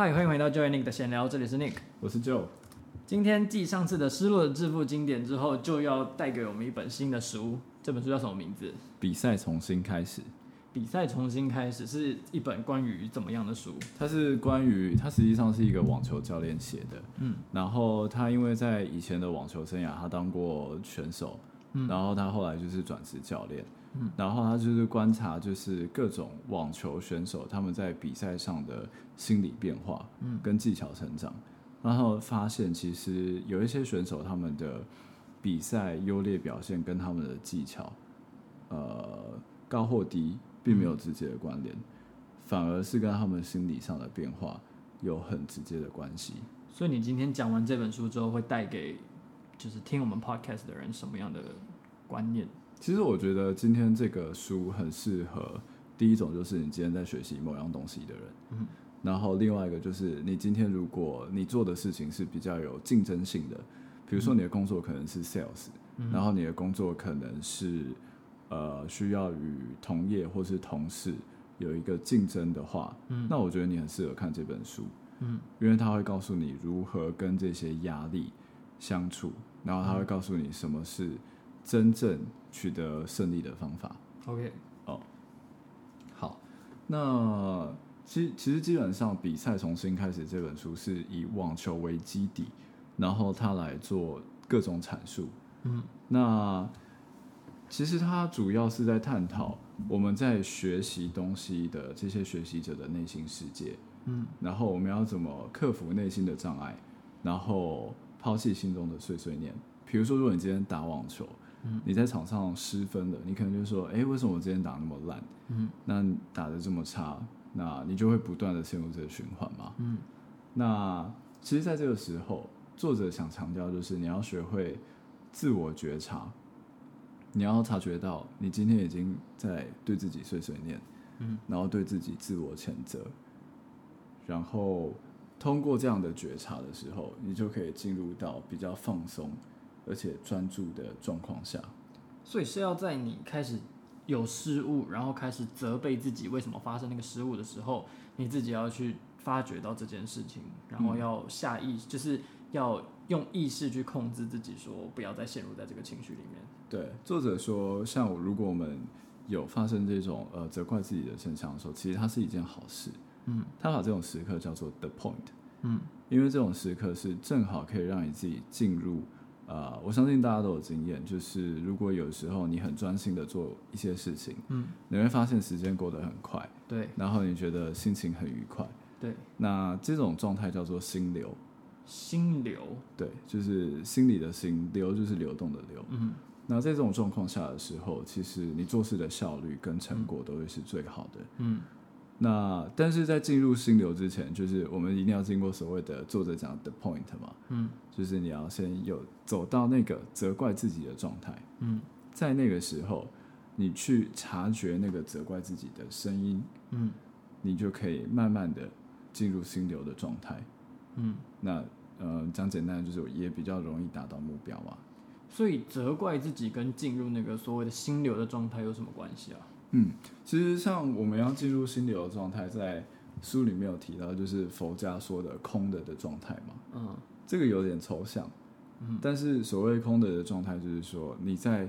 嗨，Hi, 歡迎回到 Joe and Nick 的閒聊，這裡是 Nick，我是 Joe。今天繼上次的《失落的致富經典》之後，就要帶給我們一本新的書。這本書叫什麼名字？比賽重新開始。比賽重新開始是一本關於怎麼樣的書？它是關於，它實際上是一個網球教練寫的。嗯，然後他因為在以前的網球生涯，他當過選手，嗯，然後他後來就是轉職教練。然後他就是觀察，就是各種網球選手他們在比賽上的心理變化，嗯，跟技巧成長，嗯，然後發現其實有一些選手他們的比賽優劣表現跟他們的技巧，呃，高或低並沒有直接的關聯，嗯，反而是跟他們心理上的變化有很直接的關係。所以你今天講完這本書之後，會帶給就是聽我們 podcast 的人什麼樣的觀念？其實我覺得今天這個書很適合第一種，就是你今天在學習某樣東西的人。嗯哼，然後另外一個就是你今天如果你做的事情是比較有競爭性的，比如說你的工作可能是 sales，嗯、哼，然後你的工作可能是呃需要與同業或是同事有一個競爭的話，嗯哼，那我覺得你很適合看這本書，嗯哼，因為它會告訴你如何跟這些壓力相處，然後它會告訴你什麼是。真正取得勝利的方法。OK，哦，oh, 好，那其實其實基本上比賽從心開始這本書是以網球為基底，然後他來做各種闡述。嗯，那其實他主要是在探討我們在學習東西的這些學習者的內心世界。嗯，然後我們要怎麼克服內心的障礙，然後拋棄心中的碎碎念。比如說，如果你今天打網球。你在場上失分的，嗯、你可能就說：“哎、欸，為什麼我今天打那麼爛？嗯、那打得這麼差，那你就會不斷的陷入這個循環嘛。嗯”那其實，在這個時候，作者想強調就是你要學會自我覺察，你要察覺到你今天已經在對自己碎碎念，嗯、然後對自己自我譴責，然後通過這樣的覺察的時候，你就可以進入到比較放鬆。而且專注的狀況下，所以是要在你開始有失誤，然後開始責備自己為什麼發生那個失誤的時候，你自己要去發覺到這件事情，然後要下意識，嗯、就是要用意識去控制自己，說不要再陷入在這個情緒裡面。對，作者說，像我如果我們有發生這種呃責怪自己的現象的時候，其實它是一件好事。嗯，他把這種時刻叫做 the point。嗯，因為這種時刻是正好可以讓你自己進入。呃、我相信大家都有經驗，就是如果有時候你很專心的做一些事情，嗯、你會發現時間過得很快，對，然後你覺得心情很愉快，對，那這種狀態叫做心流，心流，對，就是心裡的心，流就是流動的流，嗯、哼那在這種狀況下的時候，其實你做事的效率跟成果都會是最好的，嗯。嗯那但是在進入心流之前，就是我們一定要經過所謂的作者講的 point 嘛，嗯，就是你要先有走到那個責怪自己的狀態，嗯，在那個時候，你去察覺那個責怪自己的聲音，嗯，你就可以慢慢的進入心流的狀態，嗯，那呃講簡單就是我也比較容易達到目標嘛，所以責怪自己跟進入那個所謂的心流的狀態有什麼關係啊？嗯，其實像我們要進入心流狀態，在書裡面有提到，就是佛家說的空的的狀態嘛。嗯，這個有點抽象。但是所謂空的的狀態，就是說你在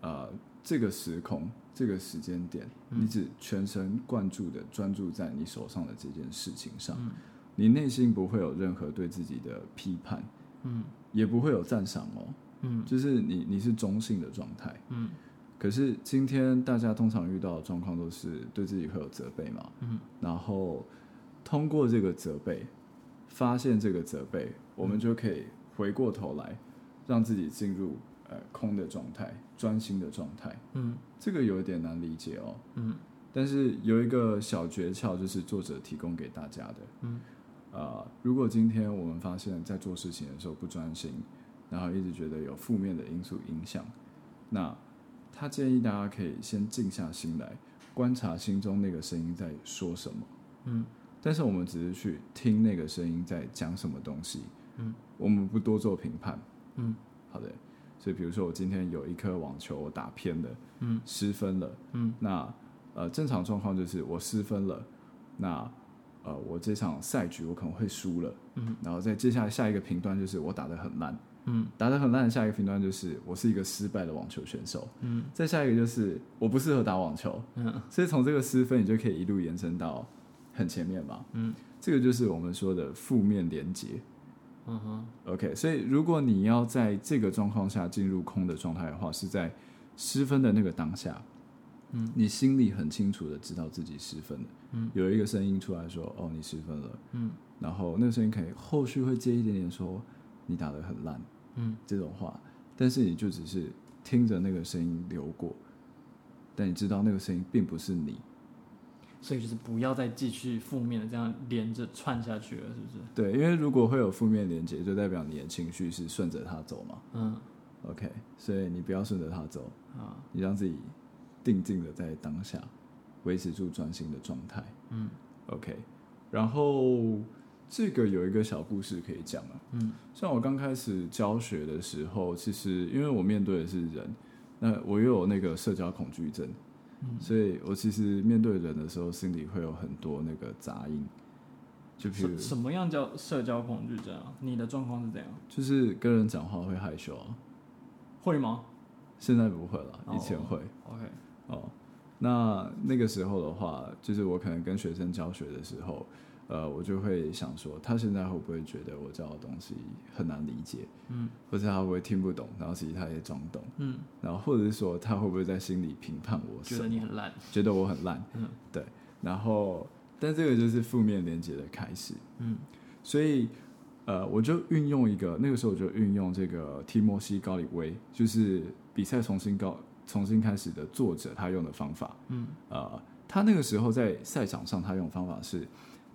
呃這個時空、這個時間點，嗯、你只全神貫注地專注在你手上的這件事情上，嗯、你內心不會有任何對自己的批判，嗯，也不會有讚賞哦，嗯，就是你你是中性的狀態，嗯。可是今天大家通常遇到的狀況都是對自己會有責備嘛，嗯，然後通過這個責備，發現這個責備，我們就可以回過頭來，嗯，讓自己進入呃空的狀態、專心的狀態，嗯，這個有點難理解哦，嗯，但是有一個小訣竅就是作者提供給大家的，嗯，呃，如果今天我們發現，在做事情的時候不專心，然後一直覺得有負面的因素影響，那。他建議大家可以先靜下心來，觀察心中那個聲音在說什麼。嗯，但是我們只是去聽那個聲音在講什麼東西。嗯，我們不多做評判。嗯，好的。所以，比如說，我今天有一顆網球我打偏了，嗯，失分了，嗯。那呃，正常狀況就是我失分了，那呃，我這場賽局我可能會輸了。嗯，然後再接下來下一個評斷就是我打得很爛。嗯，打得很爛的下一個分段就是我是一個失敗的網球選手。嗯，再下一個就是我不適合打網球。嗯，所以從這個失分，你就可以一路延伸到很前面嘛。嗯，這個就是我們說的負面連結。嗯哼，OK，所以如果你要在這個狀況下進入空的狀態的話，是在失分的那個當下，嗯，你心裡很清楚的知道自己失分了。嗯，有一個聲音出來說：“哦，你失分了。”嗯，然後那個聲音可以後續會接一點點說：“你打得很爛。”嗯，這種話，但是你就只是聽着那個聲音流過，但你知道那個聲音並不是你，所以就是不要再繼續負面的這樣連着串下去了，是不是？對，因為如果會有負面連結，就代表你的情緒是順着它走嘛。嗯，OK，所以你不要順着它走啊，好你讓自己定靜的在當下，維持住專心的狀態。嗯，OK，然後。這個有一個小故事可以講，啊、嗯，像我剛開始教學的時候，其實因為我面對的是人，那我又有那個社交恐懼症，嗯、所以我其實面對人的時候，心裡會有很多那個雜音。就譬如什麼樣叫社交恐懼症啊？你的狀況是怎樣？就是跟人講話會害羞啊？會嗎？現在不會了，oh, 以前會。OK，哦，oh, 那那個時候的話，就是我可能跟學生教學的時候。呃，我就會想說，他現在會不會覺得我教的東西很難理解？嗯，或者他會不會聽不懂？然後其實他也裝懂，嗯，然後或者是說，他會不會在心裡評判我？覺得你很爛，覺得我很爛，嗯，對。然後，但這個就是負面連接的開始，嗯。所以，呃，我就運用一個，那個時候我就運用這個提摩西高里威，way, 就是比賽重新高重新開始的作者，他用的方法，嗯，呃，他那個時候在賽場上，他用的方法是。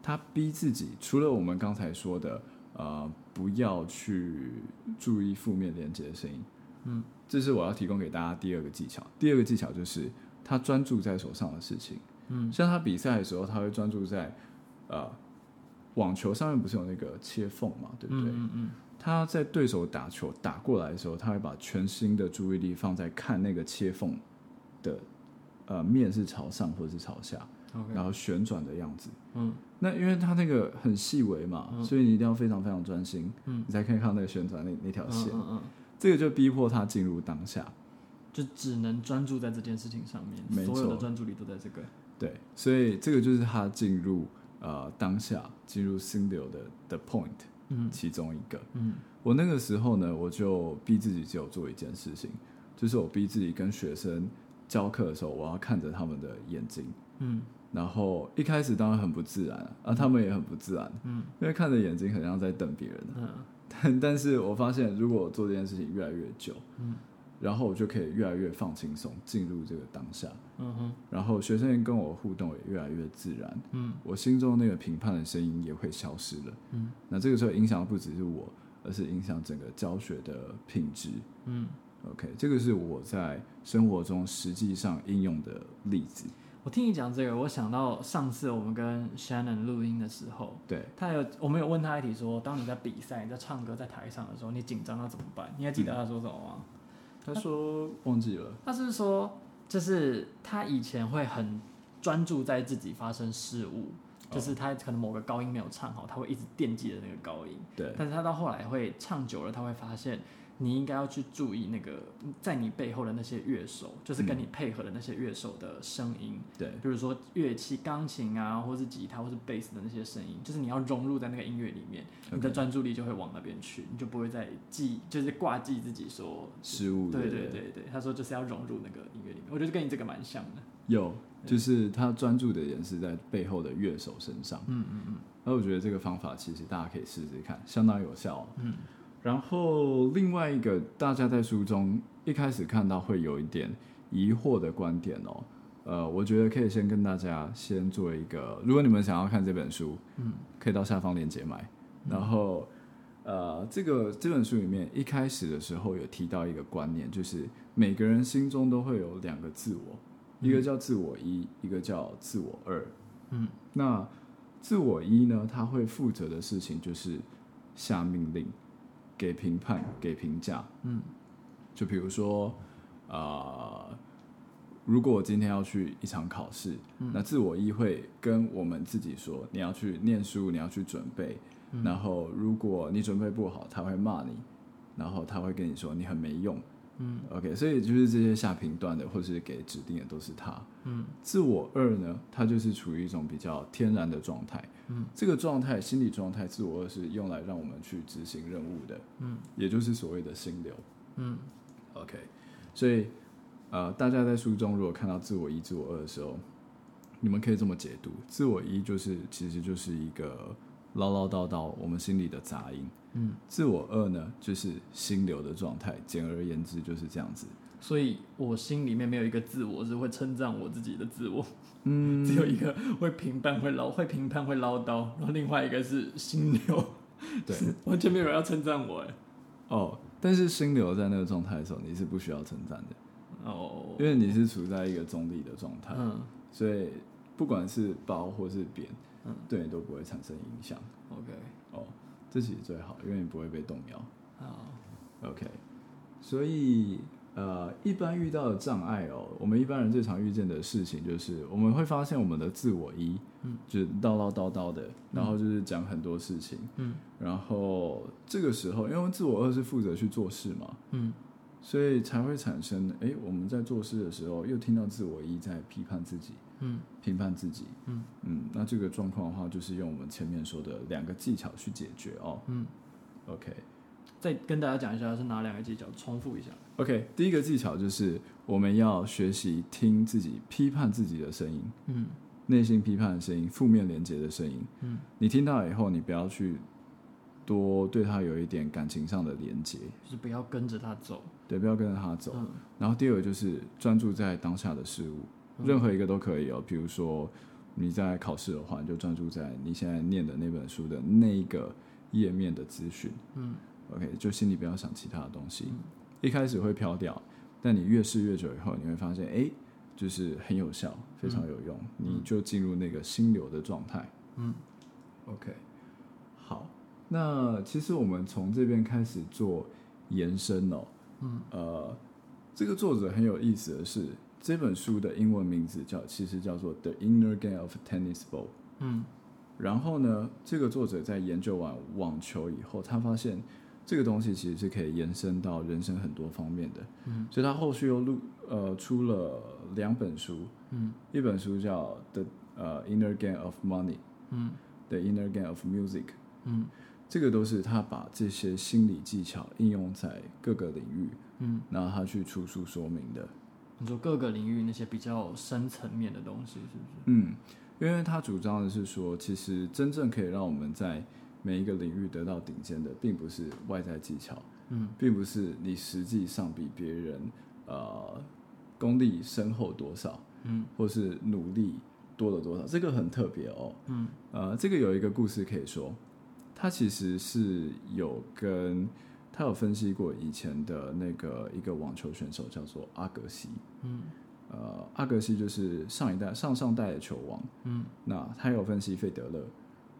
他逼自己，除了我們剛才說的，呃，不要去注意負面連接的聲音，嗯，這是我要提供給大家第二個技巧。第二個技巧就是，他專注在手上的事情，嗯，像他比賽的時候，他會專注在，呃，網球上面不是有那個切縫嘛，對不對？嗯，嗯，嗯。他在對手打球打過來的時候，他會把全新的注意力放在看那個切縫的，呃，面是朝上或者是朝下。然後旋轉的樣子，嗯，那因為它那個很細微嘛，嗯、所以你一定要非常非常專心，嗯、你才可以看到那個旋轉那那條線，嗯嗯，嗯嗯嗯，這個就逼迫他進入當下，就只能專注在這件事情上面，沒錯，所有的專注力都在這個，對，所以這個就是他進入呃當下進入心流的的 point，其中一個，嗯，嗯我那個時候呢，我就逼自己只有做一件事情，就是我逼自己跟學生教課的時候，我要看着他們的眼睛，嗯。然後一開始當然很不自然啊，啊，他們也很不自然，嗯，因為看着眼睛很像在瞪別人，啊，嗯，但但是我發現，如果我做這件事情越來越久，嗯，然後我就可以越來越放輕鬆，進入這個當下，嗯哼，然後學生跟跟我互動也越來越自然，嗯，我心中那個評判的聲音也會消失了，嗯，那這個時候影響不只是我，而是影響整個教學的品質，嗯，OK，這個是我在生活中實際上應用的例子。我聽你講這個，我想到上次我們跟 Shannon 錄音的時候，對，他有我們有問他一題，說當你在比賽，你在唱歌、在台上的時候，你緊張了怎麼辦？你還記得他說什麼嗎、啊？嗯、他說忘記了。他是說，就是他以前會很專注在自己發生失誤，就是他可能某個高音沒有唱好，他會一直惦記着那個高音。對，但是他到後來會唱久了，他會發現。你應該要去注意那個在你背後的那些樂手，就是跟你配合的那些樂手的聲音，嗯。對，比如說樂器，鋼琴啊，或是吉他，或是貝斯的那些聲音，就是你要融入在那個音樂裡面，你的專注力就會往那邊去，Okay. 你就不會再記，就是掛記自己說失誤。對對對對，他說就是要融入那個音樂裡面，我覺得跟你這個蠻像的。有 Yo, 對，就是他專注的人是在背後的樂手身上。嗯嗯嗯。那我覺得這個方法其實大家可以試試看，相當有效。嗯。然後，另外一個大家在書中一開始看到會有一點疑惑的觀點哦，呃，我覺得可以先跟大家先做一個。如果你們想要看這本書，嗯，可以到下方鏈接買。然後，呃，這個這本書裡面一開始的時候有提到一個觀念，就是每個人心中都會有兩個自我，一個叫自我一，一個叫自我二。嗯，那自我一呢，他會負責的事情就是下命令，給評判，給評價，嗯，就比如說，呃，如果我今天要去一場考試，嗯、那自我意會跟我們自己說，你要去念書，你要去準備，嗯、然後如果你準備不好，他會罵你，然後他會跟你說你很沒用。嗯，OK，所以就是這些下評斷的，或是給指定的，都是他。嗯，自我二呢，他就是處於一種比較天然的狀態。嗯，這個狀態，心理狀態，自我二是用來讓我們去執行任務的。嗯，也就是所謂的心流。嗯，OK，所以呃，大家在書中如果看到自我一、自我二的時候，你們可以這麼解讀：自我一就是其實就是一個。嘮嘮叨叨，我們心裡的雜音。嗯，自我二呢，就是心流的狀態。簡而言之，就是這樣子。所以我心裡面沒有一個自我是會稱讚我自己的自我。嗯，只有一個會評判、嗯、會嘮、會評判、會嘮叨。然後另外一個是心流，對， 完全沒有人要稱讚我哎、欸。哦，但是心流在那個狀態的時候，你是不需要稱讚的。哦，因為你是處在一個中立的狀態。嗯，所以不管是褒或是貶。對你都不會產生影響。OK，哦，oh, 這其實最好，因為你不會被動搖。o、oh. k、okay. 所以呃，一般遇到的障礙哦，我們一般人最常遇見的事情就是，我們會發現我們的自我一，嗯、就是叨叨叨叨的，然後就是講很多事情，嗯、然後這個時候，因為自我二是負責去做事嘛，嗯所以才會產生，誒、欸，我們在做事的時候，又聽到自我一在批判自己，嗯，評判自己，嗯嗯，那這個狀況的話，就是用我們前面說的兩個技巧去解決哦，嗯，OK，再跟大家講一下是哪兩個技巧，重複一下，OK，第一個技巧就是我們要學習聽自己批判自己的聲音，嗯，內心批判的聲音，負面連接的聲音，嗯，你聽到以後，你不要去多對他有一點感情上的連接，就是不要跟着他走。也不要跟着他走。嗯、然後第二個就是專注在當下的事物，嗯、任何一個都可以哦。比如說你在考試的話，就專注在你現在念的那本書的那一個頁面的資訊。嗯，OK，就心裡不要想其他的東西。嗯、一開始會飄掉，但你越試越久以後，你會發現，哎，就是很有效，非常有用。嗯、你就進入那個心流的狀態。嗯，OK，好。那其實我們從這邊開始做延伸哦。呃，這個作者很有意思的是，這本書的英文名字叫，其實叫做《The Inner Game of Tennis Ball》。嗯，然後呢，這個作者在研究完網球以後，他發現這個東西其實是可以延伸到人生很多方面的。嗯，所以他後續又錄呃出了兩本書。嗯，一本書叫《The 呃 Inner Game of Money》。嗯，《The Inner Game of Music》。嗯。這個都是他把這些心理技巧應用在各個領域，嗯，然後他去出書說明的。你說各個領域那些比較深層面的東西，是不是？嗯，因為他主張的是說，其實真正可以讓我們在每一個領域得到頂尖的，並不是外在技巧，嗯，並不是你實際上比別人呃功力深厚多少，嗯，或是努力多了多少，這個很特別哦，嗯，呃，這個有一個故事可以說。他其實是有跟他有分析過以前的那個一個網球選手叫做阿格西，嗯，呃，阿格西就是上一代、上上代的球王，嗯，那他有分析費德勒。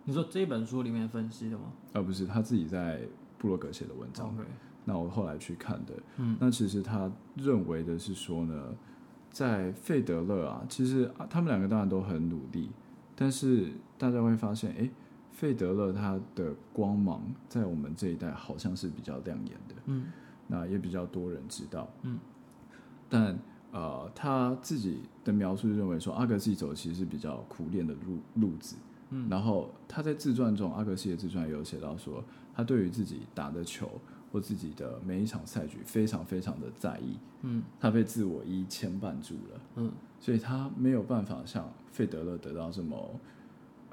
你說這本書裡面分析的嗎？呃，不是，他自己在部落格寫的文章，Okay 那我後來去看的，嗯，那其實他認為的是說呢，在費德勒啊，其實他們兩個當然都很努力，但是大家會發現，哎、欸。費德勒他的光芒在我們這一代好像是比較亮眼的，嗯，那也比較多人知道，嗯，但呃，他自己的描述認為說，阿格西走其實是比較苦練的路，路子，嗯，然後他在自傳中，阿格西的自傳也有寫到說，他對於自己打的球或自己的每一場賽局非常非常的在意，嗯，他被自我一牽絆住了，嗯，所以他沒有辦法像費德勒得到這麼，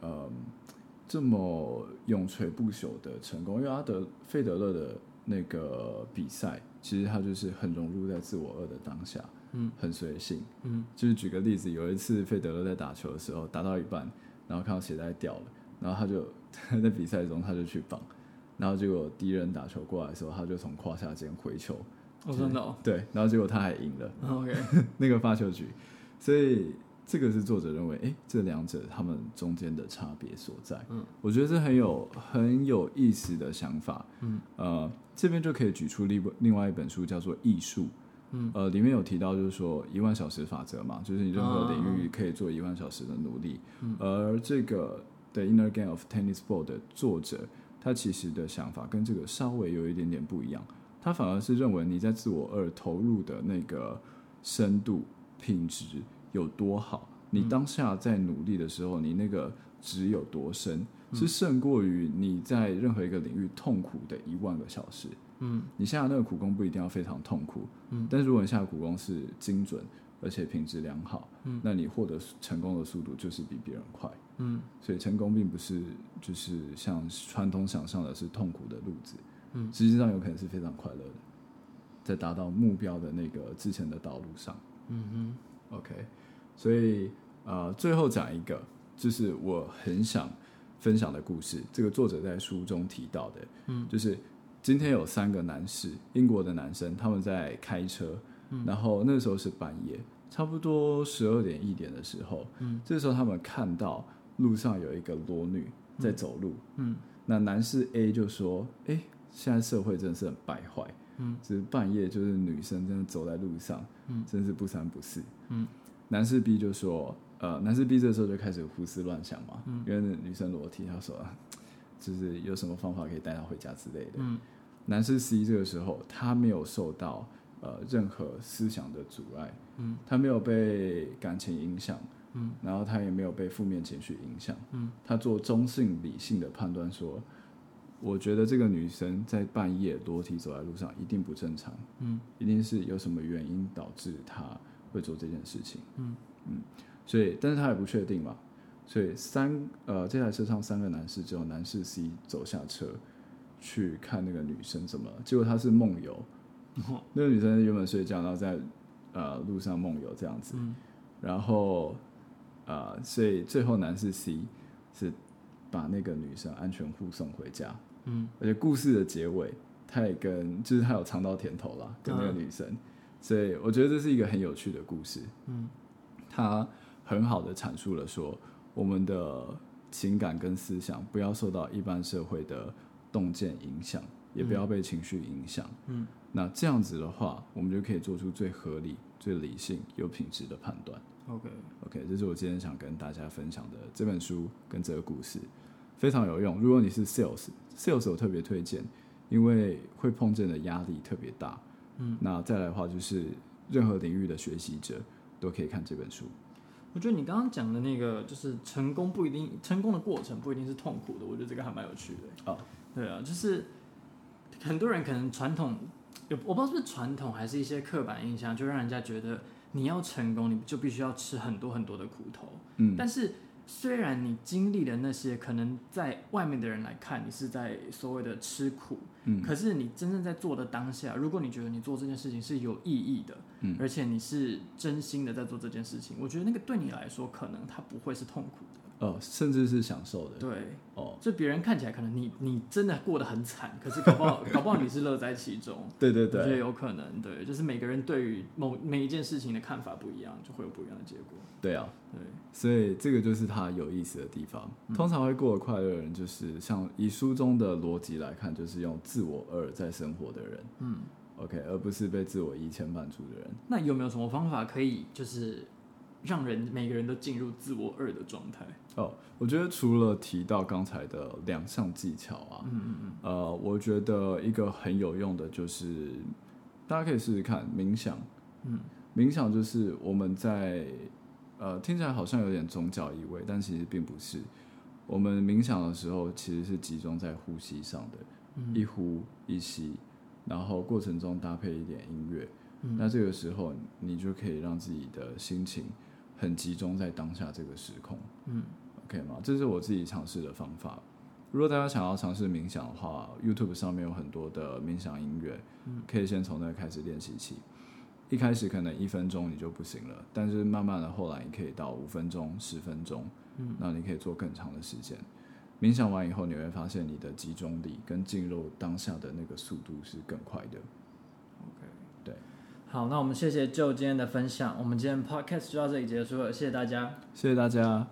嗯、呃。這麼永垂不朽的成功，因為阿德費德勒的那個比賽，其實他就是很融入在自我二的當下，嗯，很隨性，嗯，就是舉個例子，有一次費德勒在打球的時候，打到一半，然後看到鞋帶掉了，然後他就他在比賽中他就去綁，然後結果敵人打球過來的時候，他就從胯下間回球，哦、對真的、哦，對，然後結果他還贏了、哦，OK， 那個發球局，所以。這個是作者認為，哎，這兩者他們中間的差別所在。嗯，我覺得這很有很有意思的想法。嗯，呃，這邊就可以舉出另另外一本書叫做《異數》。嗯，呃，裡面有提到就是說一萬小時法則嘛，就是你任何領域可以做一萬小時的努力。嗯，而這個《The Inner Game of Tennis Ball》的作者，他其實的想法跟這個稍微有一點點不一樣。他反而是認為你在自我二投入的那個深度品質有多好？你當下在努力的時候，你那個值有多深，嗯，是勝過於你在任何一個領域痛苦的一萬個小時。嗯，你下的那個苦功不一定要非常痛苦，嗯，但是如果你下的苦功是精準而且品質良好，嗯，那你獲得成功的速度就是比別人快。嗯，所以成功並不是就是像傳統想象的是痛苦的路子，嗯，實際上有可能是非常快樂的，在達到目標的那個之前的道路上。嗯哼，OK。所以，呃，最後講一個，就是我很想分享的故事。這個作者在書中提到的，嗯、就是今天有三個男士，英國的男生，他們在開車，嗯、然後那個時候是半夜，差不多十二點一點的時候，嗯、這個時候他們看到路上有一個裸女在走路，嗯嗯、那男士 A 就說，哎、欸，現在社會真是很敗壞，嗯、只就是半夜就是女生真的走在路上，嗯、真是不三不四，嗯男士 B 就說：“呃，男士 B 這時候就開始胡思亂想嘛，嗯，因為女生裸體，他說就是有什麼方法可以帶她回家之類的。嗯，男士 C 這個時候他沒有受到呃任何思想的阻礙，嗯，他沒有被感情影響，嗯，然後他也沒有被負面情緒影響，嗯，他做中性理性的判斷說，我覺得這個女生在半夜裸體走在路上一定不正常，嗯，一定是有什麼原因導致她。”會做這件事情，嗯嗯，所以但是他也不確定嘛，所以三、呃這台車上三個男士只有男士 C 走下車去看那個女生怎麼了，結果她是夢遊，那個女生原本睡覺，然後在呃路上夢遊這樣子，然後呃所以最後男士 C 是把那個女生安全護送回家，嗯，而且故事的結尾他也跟就是他有嘗到甜頭啦，跟那個女生。所以我覺得這是一個很有趣的故事，嗯，它很好的闡述了說我們的情感跟思想不要受到一般社會的洞見影響，也不要被情緒影響，嗯，那這樣子的話，我們就可以做出最合理、最理性、有品質的判斷。OK，OK，這是我今天想跟大家分享的這本書跟這個故事，非常有用。如果你是 sales，sales 我特別推薦，因為會碰見的壓力特別大。嗯， 那再來的話就是，任何領域的學習者都可以看這本書。我覺得你剛剛講的那個，就是成功不一定，成功的過程不一定是痛苦的，我覺得這個還蠻有趣的。啊，對啊，就是很多人可能傳統，我不知道是傳統還是一些刻板印象，就讓人家覺得你要成功，你就必須要吃很多很多的苦頭。嗯，但是。雖然你經歷的那些，可能在外面的人來看，你是在所謂的吃苦，嗯，可是你真正在做的當下，如果你覺得你做這件事情是有意義的，嗯，而且你是真心的在做這件事情，我覺得那個對你來說，可能它不會是痛苦的。哦、甚至是享受的。對，哦，就別人看起來可能你你真的過得很慘，可是搞不好 搞不好你是樂在其中。對對對，我覺得有可能。對，就是每個人對於某每一件事情的看法不一樣，就會有不一樣的結果。對啊，對，所以這個就是他有意思的地方。通常會過得快樂的人，就是、嗯、像以書中的邏輯來看，就是用自我二在生活的人。嗯，OK，而不是被自我一牽絆住的人。那有沒有什麼方法可以就是？讓人每個人都進入自我二的狀態哦。Oh, 我覺得除了提到剛才的兩項技巧啊，嗯，嗯，嗯呃，我覺得一個很有用的就是，大家可以試試看冥想，嗯，冥想就是我們在呃聽起來好像有點宗教意味，但其實並不是。我們冥想的時候其實是集中在呼吸上的，嗯，一呼一吸，然後過程中搭配一點音樂。嗯、那這個時候，你就可以讓自己的心情很集中在當下這個時空，嗯，OK 嗎？這是我自己嘗試的方法。如果大家想要嘗試冥想的話，YouTube 上面有很多的冥想音樂，可以先從那開始練習起。嗯、一開始可能一分鐘你就不行了，但是慢慢的後來你可以到五分鐘、十分鐘，嗯，那你可以做更長的時間。冥想完以後，你會發現你的集中力跟進入當下的那個速度是更快的。好，那我們謝謝 JOE 今天的分享，我們今天 podcast 就到這裡結束了，謝謝大家，謝謝大家。